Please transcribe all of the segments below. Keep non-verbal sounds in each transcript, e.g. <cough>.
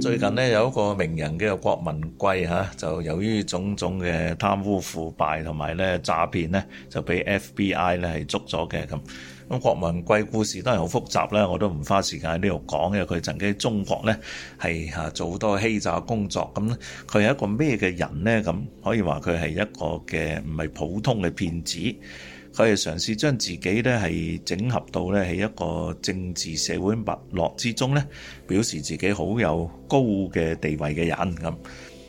最近呢，有一個名人叫做郭文貴嚇就由於種種嘅貪污腐敗同埋咧詐騙咧，就俾 FBI 咧係捉咗嘅咁。咁郭文貴故事都係好複雜啦，我都唔花時間喺呢度講，因為佢曾經喺中國咧係做多欺詐工作咁。佢係一個咩嘅人咧？咁可以話佢係一個嘅唔係普通嘅騙子。佢哋嘗試將自己咧係整合到咧喺一個政治社會脈絡之中咧，表示自己好有高嘅地位嘅人咁。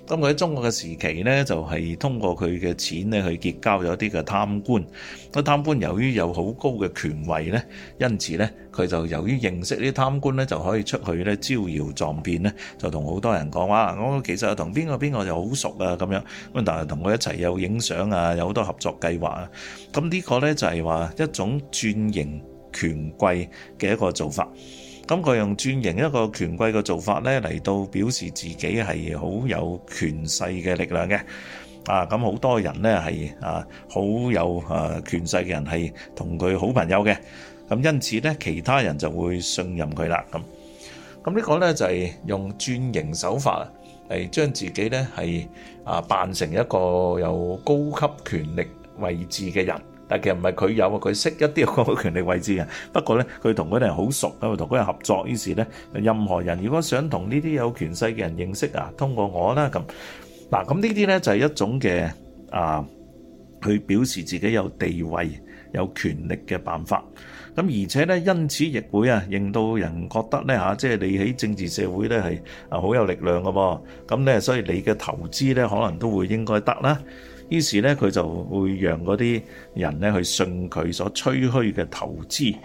咁佢喺中國嘅時期呢，就係通過佢嘅錢呢去結交咗啲嘅貪官。個貪官由於有好高嘅權位呢，因此呢，佢就由於認識呢啲貪官呢，就可以出去呢招搖撞騙呢就同好多人講話，我其實同邊個邊個就好熟啊咁樣。咁但係同佢一齊有影相啊，有好多合作計劃啊。咁呢個呢，就係話一種轉型權貴嘅一個做法。咁佢用轉型一個權貴嘅做法咧，嚟到表示自己係好有權勢嘅力量嘅。啊，咁好多人咧係啊，好有啊權勢嘅人係同佢好朋友嘅。咁因此咧，其他人就會信任佢啦。咁，咁呢個咧就係用轉型手法嚟將自己咧係啊扮成一個有高級權力位置嘅人。但係其實唔係佢有啊，佢識一啲有咁嘅權力位置嘅。不過咧，佢同嗰啲人好熟啊，同嗰人合作。於是咧，任何人如果想同呢啲有權勢嘅人認識啊，通過我啦咁。嗱，咁呢啲咧就係一種嘅啊，去表示自己有地位、有權力嘅辦法。咁而且咧，因此亦會啊，令到人覺得咧吓，即係你喺政治社會咧係啊好有力量㗎噃。咁咧，所以你嘅投資咧，可能都會應該得啦。於是咧，佢就會讓嗰啲人咧去信佢所吹噓嘅投資。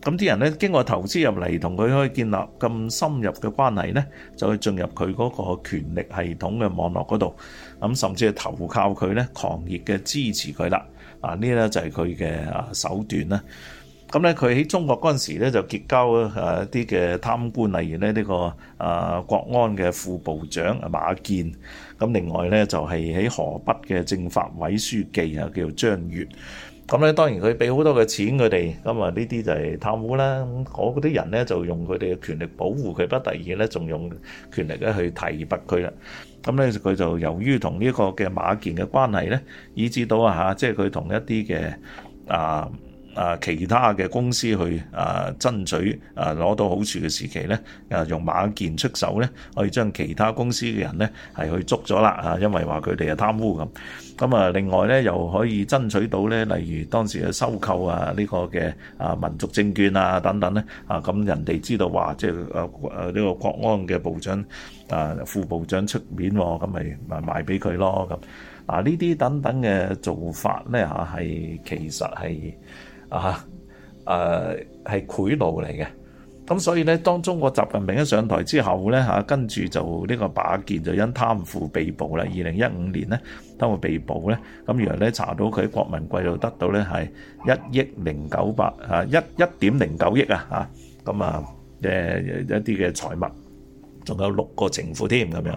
咁啲人咧經過投資入嚟，同佢可以建立咁深入嘅關係咧，就去進入佢嗰個權力系統嘅網絡嗰度。咁甚至係投靠佢咧，狂熱嘅支持佢啦。啊，呢咧就係佢嘅啊手段啦。咁咧，佢喺中國嗰陣時咧，就結交啊一啲嘅貪官，例如咧呢個啊國安嘅副部長馬建，咁另外咧就係喺河北嘅政法委書記啊，叫張越。咁咧當然佢俾好多嘅錢佢哋，咁啊呢啲就係貪污啦。我嗰啲人咧就用佢哋嘅權力保護佢，不第二咧，仲用權力咧去提拔佢啦。咁咧佢就由於同呢個嘅馬建嘅關係咧，以至到啊嚇，即係佢同一啲嘅啊。啊！其他嘅公司去啊爭取啊攞到好處嘅時期咧，啊用馬建出手咧，可以將其他公司嘅人咧係去捉咗啦，啊因為話佢哋係貪污咁，咁啊另外咧又可以爭取到咧，例如當時嘅收購啊呢個嘅啊民族證券啊等等咧啊，咁人哋知道話即係啊啊呢個國安嘅部長啊副部長出面喎，咁咪咪賣俾佢咯，咁嗱呢啲等等嘅做法咧嚇係其實係。啊，誒係賄賂嚟嘅，咁所以咧，當中國習近平一上台之後咧，嚇跟住就呢個把劍就因貪腐被捕啦。二零一五年咧都會被捕咧，咁原來咧查到佢喺郭文貴度得到咧係一億零九百嚇一一點零九億啊嚇，咁啊誒一啲嘅財物，仲有六個情婦添咁樣，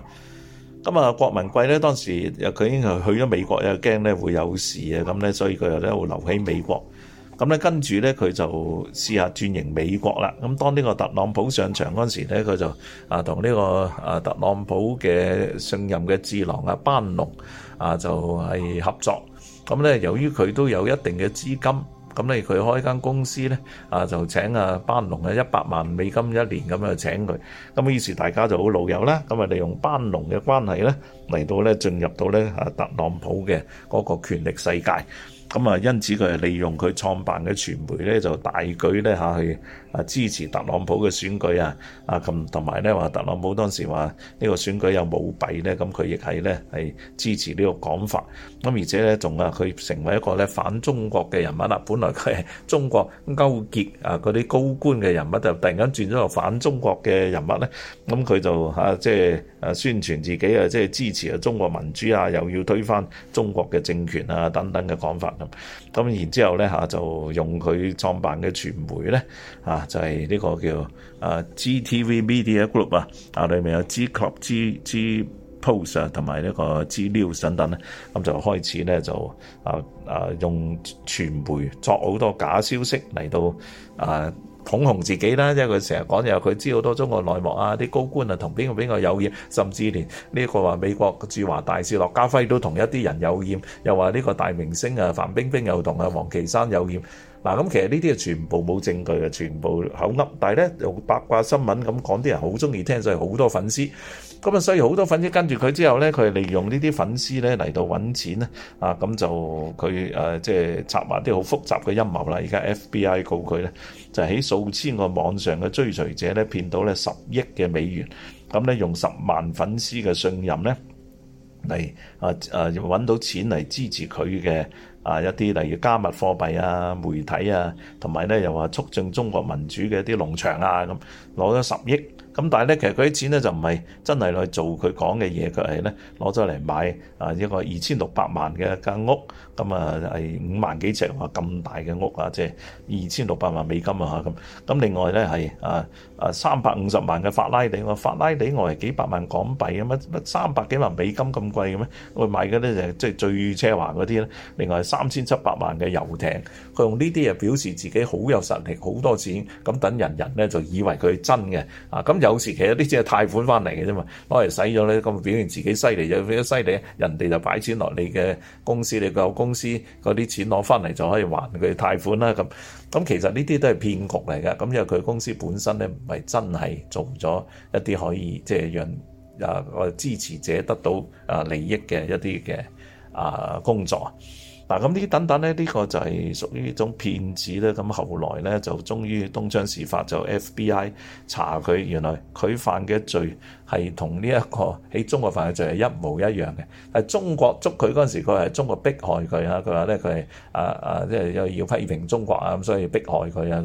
咁啊郭文貴咧當時又佢已經去咗美國，又驚咧會有事啊，咁咧所以佢又咧會留喺美國。咁咧跟住咧佢就試下轉型美國啦。咁當呢個特朗普上場嗰時咧，佢就啊同呢個啊特朗普嘅信任嘅智囊啊班農啊就係合作。咁咧由於佢都有一定嘅資金，咁咧佢開間公司咧啊就請啊班農啊一百萬美金一年咁樣請佢。咁於是大家就好老友啦。咁啊利用班農嘅關係咧嚟到咧進入到咧啊特朗普嘅嗰個權力世界。咁啊，因此佢係利用佢創辦嘅傳媒咧，就大舉咧嚇去啊支持特朗普嘅選舉啊，啊咁同埋咧話特朗普當時話呢個選舉有舞弊咧，咁佢亦係咧係支持呢個講法。咁而且咧仲啊，佢成為一個咧反中國嘅人物啦。本來佢係中國勾結啊嗰啲高官嘅人物，就突然間轉咗個反中國嘅人物咧。咁佢就嚇即係。就是誒宣傳自己啊，即係支持啊中國民主啊，又要推翻中國嘅政權啊，等等嘅講法咁。咁然之後咧嚇，就用佢創辦嘅傳媒咧嚇，就係呢個叫啊 GTV Media Group 啊，啊裏面，有 G Club、G、G Post 啊，同埋呢個 G News 等等咧，咁就開始咧就啊啊用傳媒作好多假消息嚟到啊。捧紅自己啦，因為佢成日講又佢知好多中國內幕啊，啲高官啊同邊個邊個有染，甚至連呢個話美國駐華大使駱家輝都同一啲人有染，又話呢個大明星啊范冰冰又同啊王岐山有染。嗱，咁其實呢啲係全部冇證據嘅，全部口噏，但係咧用八卦新聞咁講，啲人好中意聽，所以好多粉絲。咁啊，所以好多粉絲跟住佢之後咧，佢利用呢啲粉絲咧嚟到揾錢啊，啊咁就佢即係插埋啲好複雜嘅陰謀啦。而家 FBI 告佢咧，就喺、是、數千個網上嘅追隨者咧騙到咧十億嘅美元，咁咧用十萬粉絲嘅信任咧嚟啊啊揾到錢嚟支持佢嘅。啊！一啲例如加密貨幣啊、媒體啊，同埋咧又話促進中國民主嘅一啲農場啊咁，攞咗十億。咁但係咧，其實佢啲錢咧就唔係真係去做佢講嘅嘢，佢係咧攞咗嚟買啊一個二千六百萬嘅間屋，咁啊係五萬幾尺話咁大嘅屋啊，即係二千六百萬美金啊咁。咁另外咧係啊啊三百五十萬嘅法拉利。法拉利我係幾百萬港幣咁乜乜三百幾萬美金咁貴嘅咩？我買嗰啲就即係最奢華嗰啲咧。另外三千七百萬嘅遊艇，佢用呢啲啊表示自己好有實力，好多錢。咁等人人咧就以為佢真嘅啊咁。有時其實呢啲只係貸款翻嚟嘅啫嘛，攞嚟使咗咧，咁表現自己犀利就幾犀利，人哋就擺錢落你嘅公司，你個公司嗰啲錢攞翻嚟就可以還佢貸款啦。咁咁其實呢啲都係騙局嚟嘅，咁因為佢公司本身咧唔係真係做咗一啲可以即係讓啊我哋支持者得到啊利益嘅一啲嘅啊工作。嗱咁呢啲等等咧，呢、呢個就係屬於一種騙子咧。咁後來咧，就終於東窗事發，就 FBI 查佢，原來佢犯嘅罪係同呢一個喺中國犯嘅罪係一模一樣嘅。喺中國捉佢嗰陣時，佢係中國迫害佢啊！佢話咧，佢係啊啊，即係又要批評中國啊，咁所以迫害佢啊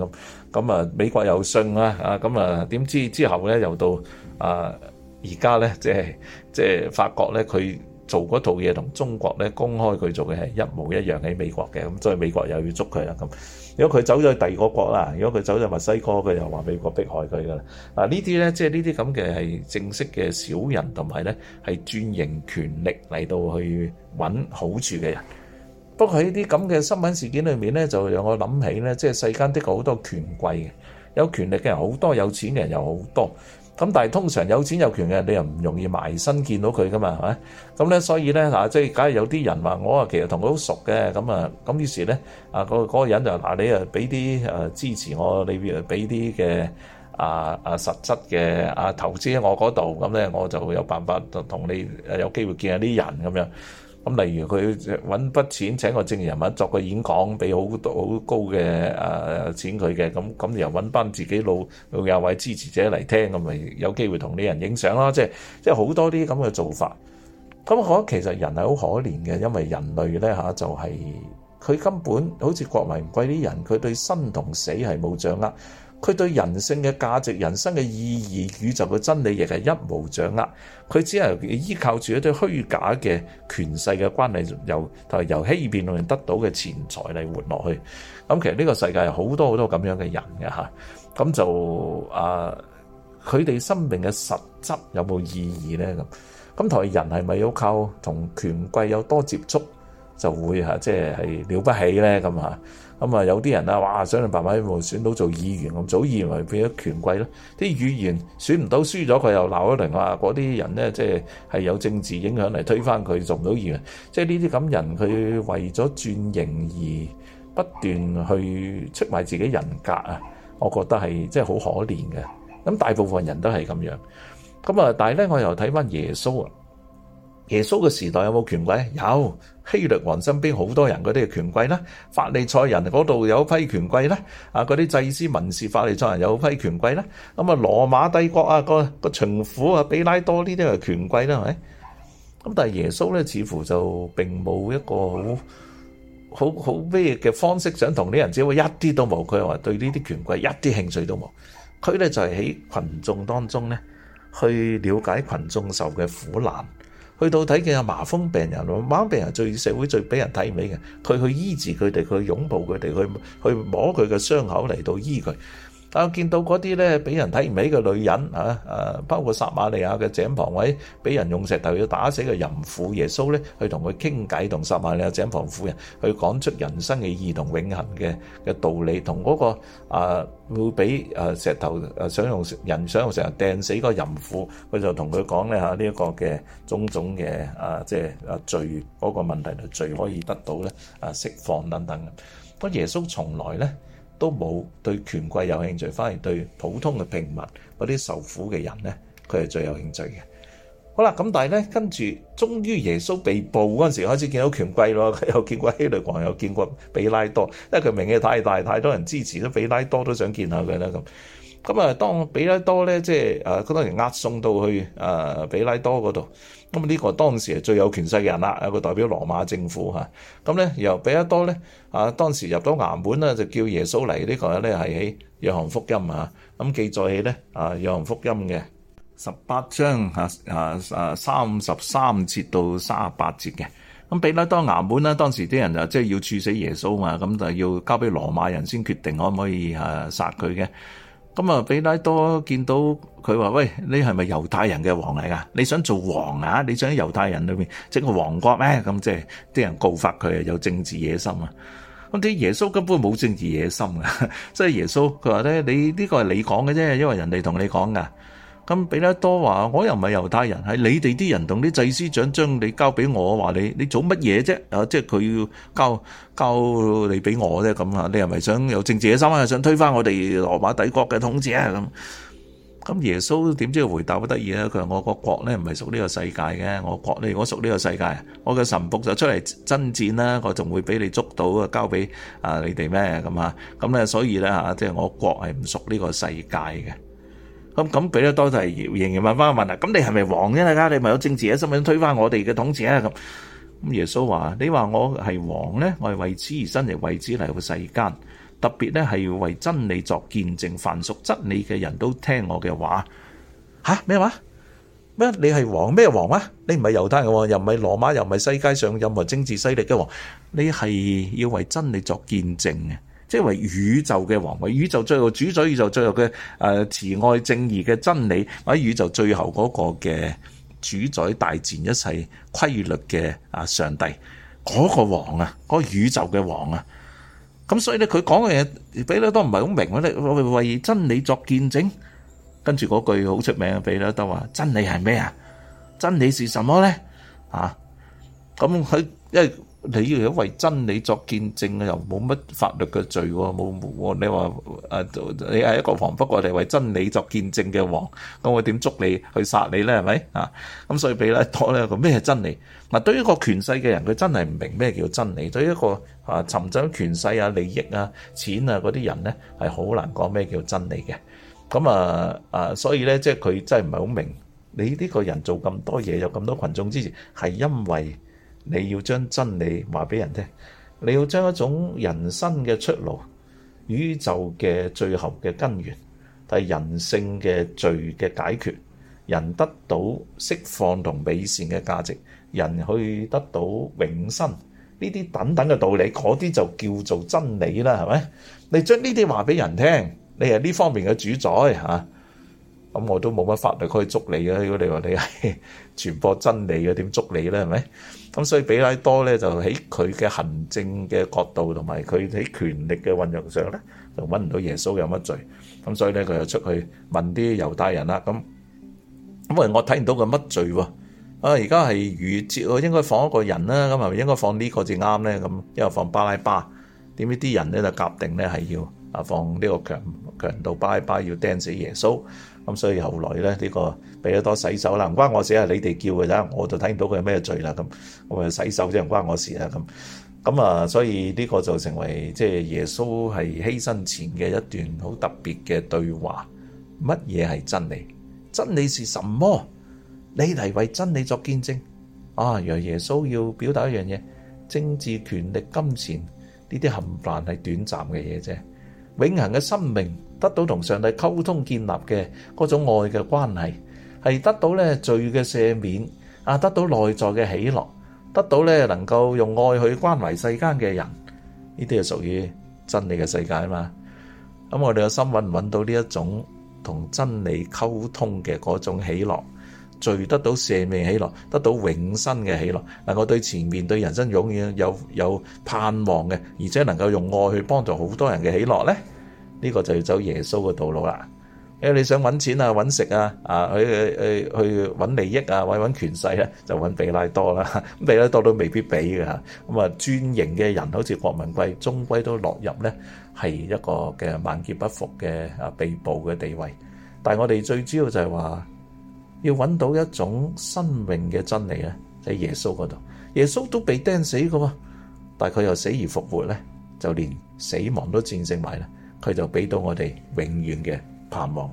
咁。咁啊，美國又信啦啊！咁啊，點知之後咧，又到啊而家咧，即係即係發覺咧，佢、就是。就是做嗰套嘢同中國咧，公開佢做嘅係一模一樣喺美國嘅，咁所以美國又要捉佢啦咁。如果佢走咗去第二個國啦，如果佢走咗墨西哥，佢又話美國迫害佢噶啦。嗱呢啲咧，即係呢啲咁嘅係正式嘅小人同埋咧，係轉營權力嚟到去揾好處嘅人。不過喺呢啲咁嘅新聞事件裏面咧，就讓我諗起咧，即係世間的確好多權貴嘅，有權力嘅人好多，有錢嘅人又好多。咁但係通常有錢有權嘅，你又唔容易埋身見到佢噶嘛係咪？咁咧所以咧嗱，即係假如有啲人話我啊其實同佢好熟嘅，咁啊咁於是咧啊嗰嗰個人就嗱，你啊俾啲誒支持我，你俾啲嘅啊啊實質嘅啊投資喺我嗰度，咁咧我就會有辦法同同你誒有機會見下啲人咁樣咁例如佢揾筆錢請個正人物作個演講，俾好多好高嘅誒錢佢嘅，咁咁又揾班自己老，老有友位支持者嚟聽，咁咪有機會同啲人影相囉，即係即係好多啲咁嘅做法。咁我其實人係好可憐嘅，因為人類咧嚇就係、是、佢根本好似國民貴啲人，佢對生同死係冇掌握。佢對人性嘅價值、人生嘅意義、宇宙嘅真理，亦係一無掌握。佢只係依靠住一啲虛假嘅權勢嘅關係，由由欺騙來得到嘅錢財嚟活落去。咁其實呢個世界好多好多咁樣嘅人嘅嚇，咁就啊，佢哋生命嘅實質有冇意義咧？咁咁同人係咪要靠同權貴有多接觸就會嚇，即係係了不起咧？咁嚇。咁啊，有啲人啦，哇，想嚟爸爸要選到做議員咁，早以為變咗權貴咯。啲議員選唔到，輸咗佢又鬧咗人話，嗰啲人咧即係係有政治影響嚟推翻佢，做唔到議員。即係呢啲咁人，佢為咗轉型而不斷去出賣自己人格啊，我覺得係即係好可憐嘅。咁大部分人都係咁樣。咁啊，但係咧，我又睇翻耶穌啊，耶穌嘅時代有冇權貴啊？有。希律王身邊好多人，嗰啲係權貴啦；法利賽人嗰度有批權貴啦，啊，嗰啲祭司、文士法利賽人有批權貴啦。咁啊，羅馬帝國啊，個個巡撫啊，比拉多呢啲係權貴啦，係咪？咁但係耶穌咧，似乎就並冇一個好好好咩嘅方式，想同啲人接觸，一啲都冇。佢話對呢啲權貴一啲興趣都冇。佢咧就係喺羣眾當中咧，去了解羣眾受嘅苦難。去到睇見阿麻風病人，麻風病人最社會最俾人睇唔起嘅，佢去醫治佢哋，佢去擁抱佢哋，佢去摸佢嘅傷口嚟到醫佢。但見到嗰啲咧，俾人睇唔起嘅女人嚇，誒，包括撒瑪利亞嘅井旁位，俾人用石頭要打死嘅淫婦，耶穌咧，去同佢傾偈，同撒瑪利亞井旁婦人去講出人生嘅意義同永恆嘅嘅道理，同嗰、那個啊會俾誒石頭誒想用人想用石頭掟死個淫婦，佢就同佢講咧嚇呢一個嘅種種嘅啊即係啊罪嗰、那個問題嘅罪可以得到咧啊釋放等等。不過耶穌從來咧，都冇對權貴有興趣，反而對普通嘅平民嗰啲受苦嘅人咧，佢係最有興趣嘅。好啦，咁但係呢，跟住終於耶穌被捕嗰陣時，開始見到權貴咯，有見過希律王，有見過比拉多，因為佢名氣太大，太多人支持，都比拉多都想見下佢啦咁。咁啊，當比拉多咧，即係誒嗰陣時押送到去誒比拉多嗰度。咁呢個當時係最有權勢嘅人啦，有個代表羅馬政府嚇。咁咧，由比拉多咧啊，當時入到衙門呢，就叫耶穌嚟。呢個咧係喺《約翰福音》啊，咁記載起咧《啊約翰福音》嘅十八章嚇三十三節到三十八節嘅。咁比拉多衙門咧，當時啲人就即係要處死耶穌嘛，咁就係要交俾羅馬人先決定可唔可以誒殺佢嘅。咁啊，比拉多見到佢話：喂，你係咪猶太人嘅王嚟㗎？你想做王啊？你想喺猶太人裏面整個王國咩？咁即係啲人告發佢係有政治野心啊！咁啲耶穌根本冇政治野心啊！即 <laughs> 係耶穌，佢話咧：你呢、這個係你講嘅啫，因為人哋同你講㗎。咁彼拉多話，我又唔係猶太人，係你哋啲人同啲祭司長將你交俾我，話你你，做乜嘢啫？啊，即係佢要交交，你俾我咧咁啊！你係咪想有政治野心啊？想推翻我哋羅馬帝國嘅統治啊？咁咁，耶穌點知回答得得，意咧？佢話我個國咧唔係屬呢個世界嘅，我國如果屬呢個世界，我嘅神僕就出嚟爭戰啦，我仲會俾你捉到啊，交俾啊你哋咩咁啊？咁咧，所以咧嚇，即係我國係唔屬呢個世界嘅。咁咁俾得多就係仍然問翻問啊，咁你係咪王啫啦？你咪有政治嘅心想推翻我哋嘅統治啊？咁，耶穌話：你話我係王咧，我係為此而生，亦為此嚟到世間，特別咧係要為真理作見證，凡屬真理嘅人都聽我嘅話。吓咩話？咩你係王咩王啊？你唔係猶太嘅，又唔係羅馬，又唔係世界上任何政治勢力嘅王，你係要為真理作見證啊！即係為宇宙嘅王位，為宇宙最後，主宰宇宙最後嘅慈愛正義嘅真理，喺宇宙最後嗰個嘅主宰大戰一切規律嘅啊上帝嗰、那個王啊，嗰、那個、宇宙嘅王啊，咁所以咧佢講嘅嘢，彼拉多都唔係好明，我哋為真理作見證，跟住嗰句好出名嘅，彼拉多都話真理係咩啊？真理是什麼咧？咁佢，啊你如果為真理作見證，又冇乜法律嘅罪，冇冇？你話誒，你係一個王，不過你為真理作見證嘅王，咁我點捉你去殺你咧？係咪啊？咁所以彼拉多呢個咩係真理？嗱，對於一個權勢嘅人，佢真係唔明咩叫真理。對於一個啊尋找權勢啊利益啊錢啊嗰啲人咧，係好難講咩叫真理嘅。咁啊啊，所以咧，即係佢真係唔係好明。你呢個人做咁多嘢，有咁多群眾支持，係因為。你要將真理話俾人聽，你要將一種人生嘅出路，宇宙嘅最後嘅根源，但係人性嘅罪嘅解決，人得到釋放同美善嘅價值，人去得到永生呢啲等等嘅道理，嗰啲就叫做真理啦，係咪？你將呢啲話俾人聽，你係呢方面嘅主宰吓，咁我都冇乜法律可以捉你嘅。如果你話你係傳播真理嘅，點捉你咧？係咪咁？所以比拉多咧就喺佢嘅行政嘅角度同埋佢喺權力嘅運用上咧，就揾唔到耶穌有乜罪。咁所以咧，佢就出去問啲猶太人啦。咁咁，我睇唔到佢乜罪喎。啊，而家係逾越節，應該放一個人啦。咁係咪應該放呢個至啱咧？咁因為放巴拉巴，點知啲人咧就夾定咧係要啊放呢個強強盜巴拉巴，要釘死耶穌。咁所以後來咧，呢個彼拉多洗手啦，唔關我事啊，你哋叫嘅咋，我就睇唔到佢係咩罪啦咁。我話洗手啫，唔關我事啊咁。咁啊，所以呢個就成為即係耶穌係犧牲前嘅一段好特別嘅對話。乜嘢係真理？真理是什麼？你嚟為真理作見證啊！原來耶穌要表達一樣嘢：政治、權力、金錢呢啲冚唪唥係短暫嘅嘢啫，永恆嘅生命。得到同上帝溝通建立嘅嗰種愛嘅關係，係得到咧罪嘅赦免，啊，得到內在嘅喜樂，得到咧能夠用愛去關懷世間嘅人，呢啲係屬於真理嘅世界啊嘛。咁我哋嘅心揾唔揾到呢一種同真理溝通嘅嗰種喜樂，罪得到赦免喜樂，得到永生嘅喜樂，能夠對前面對人生永遠有有盼望嘅，而且能夠用愛去幫助好多人嘅喜樂咧。呢個就要走耶穌嘅道路啦。誒，你想揾錢啊，揾食啊，啊去去去去揾利益啊，揾揾權勢咧，就揾比拉多啦。咁比拉多都未必俾㗎。咁啊，專營嘅人好似郭文貴，終歸都落入咧係一個嘅萬劫不復嘅啊被捕嘅地位。但係我哋最主要就係話要揾到一種生命嘅真理咧，喺耶穌嗰度。耶穌都被釘死㗎喎，但係佢又死而復活咧，就連死亡都戰勝埋啦。佢就畀到我哋永遠嘅盼望。